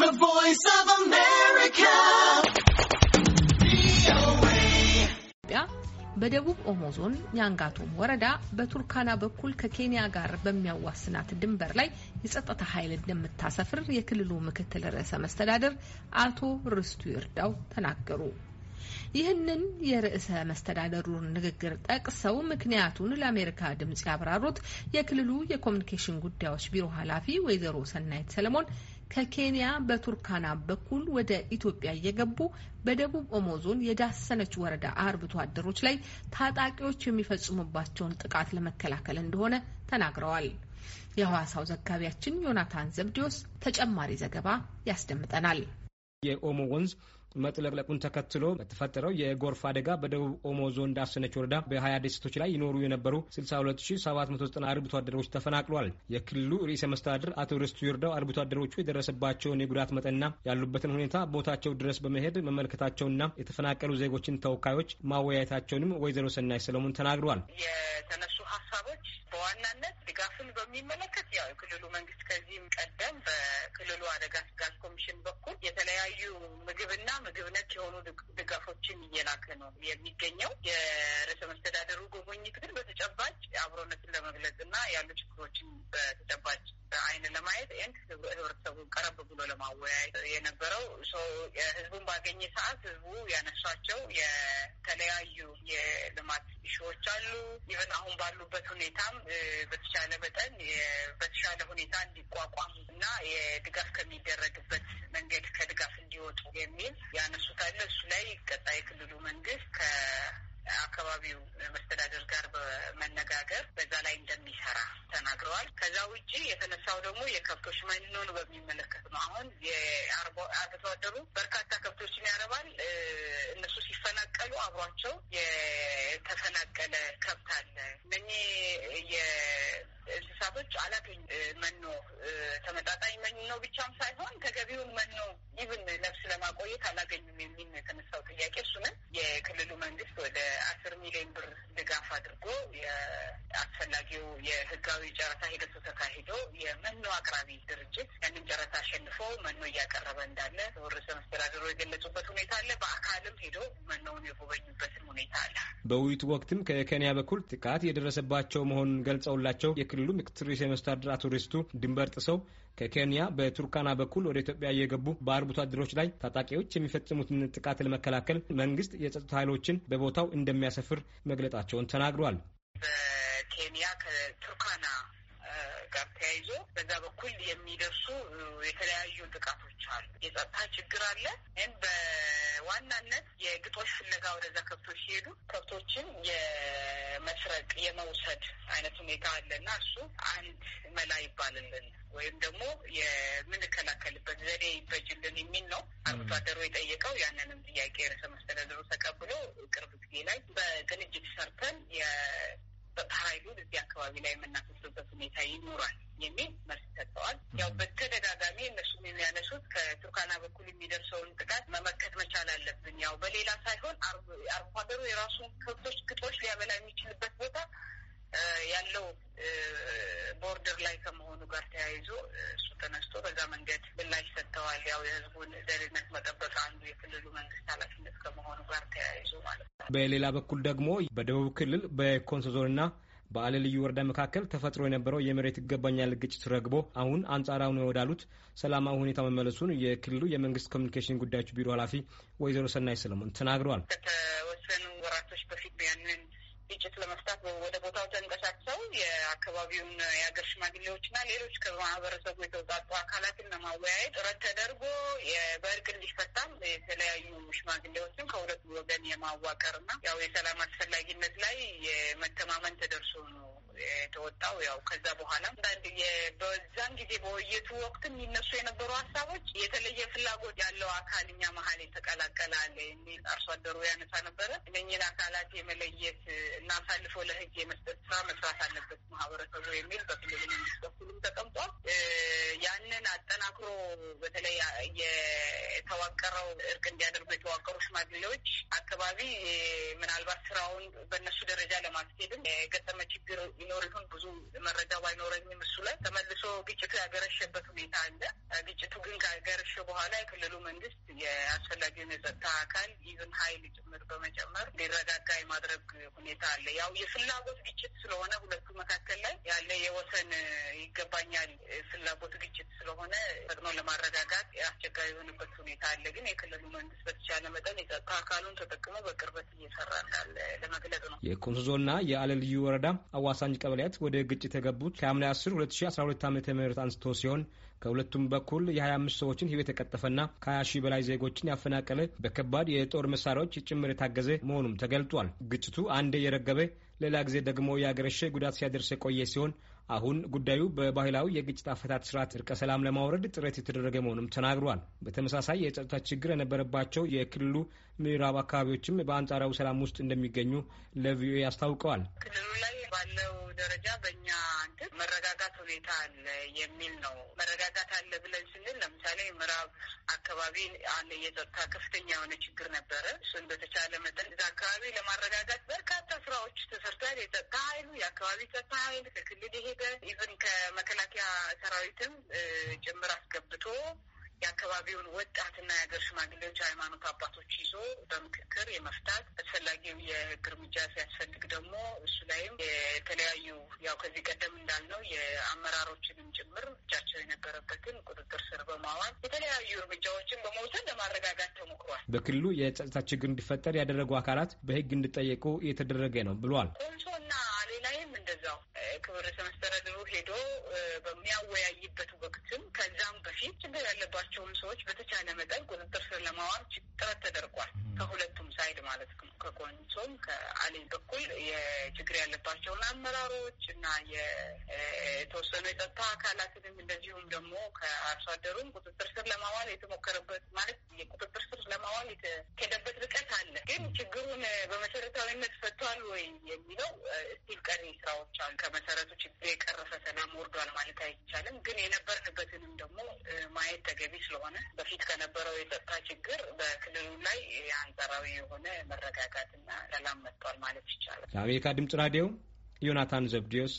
The Voice of America. በደቡብ ኦሞ ዞን ኛንጋቶም ወረዳ በቱርካና በኩል ከኬንያ ጋር በሚያዋስናት ድንበር ላይ የጸጥታ ኃይል እንደምታሰፍር የክልሉ ምክትል ርዕሰ መስተዳደር አቶ ርስቱ ይርዳው ተናገሩ። ይህንን የርዕሰ መስተዳደሩን ንግግር ጠቅሰው ምክንያቱን ለአሜሪካ ድምፅ ያብራሩት የክልሉ የኮሚኒኬሽን ጉዳዮች ቢሮ ኃላፊ ወይዘሮ ሰናይት ሰለሞን ከኬንያ በቱርካና በኩል ወደ ኢትዮጵያ እየገቡ በደቡብ ኦሞ ዞን የዳሰነች ወረዳ አርብቶ አደሮች ላይ ታጣቂዎች የሚፈጽሙባቸውን ጥቃት ለመከላከል እንደሆነ ተናግረዋል። የሐዋሳው ዘጋቢያችን ዮናታን ዘብዲዮስ ተጨማሪ ዘገባ ያስደምጠናል። የኦሞ ወንዝ መጥለቅለቁን ተከትሎ በተፈጠረው የጎርፍ አደጋ በደቡብ ኦሞ ዞን ዳሰነች ወረዳ በሀያ ደሴቶች ላይ ይኖሩ የነበሩ 62790 አርብቶ አደሮች ተፈናቅሏል። የክልሉ ርዕሰ መስተዳድር አቶ ርስቱ ይርዳው አርብቶ አደሮቹ የደረሰባቸውን የጉዳት መጠንና ያሉበትን ሁኔታ ቦታቸው ድረስ በመሄድ መመልከታቸውና የተፈናቀሉ ዜጎችን ተወካዮች ማወያየታቸውንም ወይዘሮ ሰናይ ሰለሞን ተናግረዋል። የተነሱ ሀሳቦች በዋናነት ድጋፍን በሚመለከት ያው የክልሉ መንግስት ከዚህም ቀደም በክልሉ አደጋ ስጋት ኮሚሽን በኩል የተለያዩ ምግብና ምግብ ነክ የሆኑ ድጋፎችን እየላከ ነው የሚገኘው። የርዕሰ መስተዳደሩ ጉብኝት ግን በተጨባጭ አብሮነትን ለመግለጽ እና ያሉ ችግሮችን በተጨባጭ በአይን ለማየት ኤንድ ህብረተሰቡን ቀረብ ብሎ ለማወያየት የነበረው ህዝቡን ባገኘ ሰዓት ህዝቡ ያነሷቸው የተለያዩ የልማት ሾዎች ይበን አሁን ባሉበት ሁኔታም በተቻለ መጠን በተሻለ ሁኔታ እንዲቋቋሙ እና የድጋፍ ከሚደረግበት መንገድ ከድጋፍ እንዲወጡ የሚል ያነሱታል። እሱ ላይ ቀጣይ ክልሉ መንግስት ከአካባቢው መስተዳደር ጋር በመነጋገር በዛ ላይ እንደሚሰራ ተናግረዋል። ከዛ ውጭ የተነሳው ደግሞ የከብቶች መኖን በሚመለከት ነው። አሁን የአርብቶ አደሩ በርካታ ከብቶችን ያረባል። እነሱ ሲፈናቀሉ አብሯቸው ብቻም ሳይሆን ተገቢውን መኖ ኢቭን ነፍስ ለማቆየት አላገኙም የሚል የተነሳው ጥያቄ። እሱንም የክልሉ መንግስት ወደ አስር ሚሊዮን ብር ድጋፍ አድርጎ የአስፈላጊው የህጋዊ ጨረታ ሂደቱ ተካሂዶ የመኖ አቅራቢ ድርጅት ያንን ጨረታ አሸንፎ መኖ እያቀረበ እንዳለ ርዕሰ መስተዳድሩ የገለጹበት ሁኔታ አለ። በአካልም ሄዶ መኖውን የጎበኙበትን ሁኔታ አለ። በውይይቱ ወቅትም ከኬንያ በኩል ጥቃት የደረሰባቸው መሆኑን ገልጸውላቸው የክልሉ ምክትል ርዕሰ መስተዳድር አቶ ሪስቱ ድንበር ጥሰው ከኬንያ በቱርካና በኩል ወደ ኢትዮጵያ እየገቡ በአርብቶ አደሮች ላይ ታጣቂዎች የሚፈጽሙትን ጥቃት ለመከላከል መንግስት የጸጥታ ኃይሎችን በቦታው እንደሚያሰፍር መግለጣቸውን ተናግሯል። በኬንያ ከቱርካና ጋር ተያይዞ በዛ በኩል የሚደርሱ የተለያዩ ጥቃቶች አሉ። የጸጥታ ችግር አለ። ይህን በዋናነት የግጦሽ ፍለጋ ወደዛ ከብቶች ሲሄዱ ከብቶችን የመስረቅ የመውሰድ አይነት ሁኔታ አለ እና እሱ አንድ መላ ይባልልን ወይም ደግሞ የምንከላከልበት ብቻ ሳይሆን አርሶ አደሩ የራሱን ከብቶች ግጦች ሊያበላ የሚችልበት ቦታ ያለው ቦርደር ላይ ከመሆኑ ጋር ተያይዞ እሱ ተነስቶ በዛ መንገድ ብላሽ ሰጥተዋል። ያው የህዝቡን ደህንነት መጠበቅ አንዱ የክልሉ መንግስት ኃላፊነት ከመሆኑ ጋር ተያይዞ ማለት ነው። በሌላ በኩል ደግሞ በደቡብ ክልል በኮንሶ ዞንና በአለ ልዩ ወረዳ መካከል ተፈጥሮ የነበረው የመሬት ይገባኛል ግጭት ረግቦ አሁን አንጻራዊ ነው ወዳሉት ሰላማዊ ሁኔታ መመለሱን የክልሉ የመንግስት ኮሚኒኬሽን ጉዳዮች ቢሮ ኃላፊ ወይዘሮ ሰናይ ሰለሞን ተናግረዋል። ከተወሰኑ ወራቶች በፊት ያንን ግጭት ለመፍታት ወደ ቦታው ተንቀሳቅሰው የአካባቢውን የሀገር ሽማግሌዎችና ሌሎች ከማህበረሰቡ የተውጣጡ አካላትን ለማወያየት ጥረት ተደርጎ በእርቅ እንዲፈታም የተለያዩ ሽማግሌዎችን ከሁለቱ ወገን የማዋቀርና ያው የሰላም አስፈላጊነት ላይ የመተማመን ተደርሶ ነው የወጣው። ያው ከዛ በኋላ አንዳንድ በዛን ጊዜ በውይይቱ ወቅት የሚነሱ የነበሩ ሀሳቦች የተለየ ፍላጎት ያለው አካል እኛ መሀል የተቀላቀላል የሚል አርሶ አደሩ ያነሳ ነበረ። እነኝን አካላት የመለየት እና አሳልፎ ለህግ የመስጠት ስራ መስራት አለበት ማህበረሰቡ የሚል በክልል መንግስት በኩልም ተቀምጧል። ያንን አጠናክሮ በተለይ የተዋቀረው እርቅ እንዲያደርጉ የተዋቀሩ ሽማግሌዎች አካባቢ ምናልባት ስራውን በእነሱ ደረጃ ለማስኬድም የገጠመ ችግር ይኖር ይሁን ብዙ ብዙ መረጃ ባይኖረኝም እሱ ላይ ተመልሶ ግጭቱ ያገረሸበት ሁኔታ አለ። ግጭቱ ግን ከገርሽ በኋላ የክልሉ መንግስት የአስፈላጊውን የጸጥታ አካል ይህን ሀይል ጭምር በመጨመር ሊረጋጋ የማድረግ ሁኔታ አለ። ያው የፍላጎት ግጭት ስለሆነ ሁለቱ መካከል ላይ ያለ የወሰን ይገባኛል ፍላጎት ግጭት ስለሆነ ፈጥኖ ለማረጋጋት አስቸጋሪ የሆነበት ሁኔታ አለ። ግን የክልሉ መንግስት በተቻለ መጠን የጸጥታ አካሉን ተጠቅሞ በቅርበት እየሰራ እንዳለ ለመግለጽ ነው። የኮንሶ ዞንና የአለ ልዩ ወረዳ አዋሳኝ ቀበሌያት ወደ ግጭት የገቡት ከሐምሌ አስር ሁለት ሺ አስራ ሁለት ምህረት አንስቶ ሲሆን ከሁለቱም በ በኩል የ25 ሰዎችን ህይወት የቀጠፈና ከ20 ሺህ በላይ ዜጎችን ያፈናቀለ በከባድ የጦር መሳሪያዎች ጭምር የታገዘ መሆኑም ተገልጧል። ግጭቱ አንዴ የረገበ ሌላ ጊዜ ደግሞ የአገረሸ ጉዳት ሲያደርስ የቆየ ሲሆን አሁን ጉዳዩ በባህላዊ የግጭት አፈታት ስርዓት እርቀ ሰላም ለማውረድ ጥረት የተደረገ መሆኑም ተናግሯል። በተመሳሳይ የጸጥታ ችግር የነበረባቸው የክልሉ ምዕራብ አካባቢዎችም በአንጻራዊ ሰላም ውስጥ እንደሚገኙ ለቪኦኤ አስታውቀዋል። ክልሉ ላይ ባለው ደረጃ በእኛ መረጋጋት ሁኔታ አለ የሚል ነው። መረጋጋት አለ ብለን ስንል ለምሳሌ ምዕራብ አካባቢ አንድ የጸጥታ ከፍተኛ የሆነ ችግር ነበረ። እሱን በተቻለ መጠን እዛ አካባቢ ለማረጋጋት በርካታ ስራዎች ተሰ ተሰርቷል። የጸጥታ ኃይሉ የአካባቢ ጸጥታ ኃይል ከክልል የሄደ ኢቨን ከመከላከያ ሰራዊትም ጭምር አስገብቶ የአካባቢውን ወጣትና የሀገር ሽማግሌዎች፣ ሃይማኖት አባቶች ይዞ በምክክር የመፍታት አስፈላጊው የህግ እርምጃ ሲያስፈልግ ደግሞ እሱ ላይም የተለያዩ ያው ከዚህ ቀደም እንዳልነው የአመራሮችንም ጭምር እጃቸው የነበረበትን ቁጥጥር ስር በማዋል የተለያዩ እርምጃዎችን በመውሰድ ለማረጋጋት ተሞክሯል። በክልሉ የጸጥታ ችግር እንዲፈጠር ያደረጉ አካላት በህግ እንዲጠየቁ እየተደረገ ነው ብሏል። ኮንሶና ሌላይም እንደዛው ክብር መስተዳድሩ ሄዶ በሚያወያይበት ወቅትም ከዛም በፊት ችግር ያለባቸውን ሰዎች በተቻለ መጠን ቁጥጥር ስር ለማዋል ጥረት ተደርጓል። ከሁለቱም ሳይድ ማለት ነው። ከኮንሶም ከአሌ በኩል የችግር ያለባቸውን አመራሮች እና የተወሰኑ የጸጥታ አካላትን አርሶ አደሩን ቁጥጥር ስር ለማዋል የተሞከረበት ማለት የቁጥጥር ስር ለማዋል የተሄደበት ርቀት አለ። ግን ችግሩን በመሰረታዊነት ፈቷል ወይ የሚለው እስቲል ቀሪ ስራዎች አሉ። ከመሰረቱ ችግር የቀረፈ ሰላም ወርዷል ማለት አይቻልም። ግን የነበርንበትንም ደግሞ ማየት ተገቢ ስለሆነ በፊት ከነበረው የጸጥታ ችግር በክልሉ ላይ አንጻራዊ የሆነ መረጋጋትና ሰላም መጥቷል ማለት ይቻላል። ለአሜሪካ ድምጽ ራዲዮ ዮናታን ዘብዲዮስ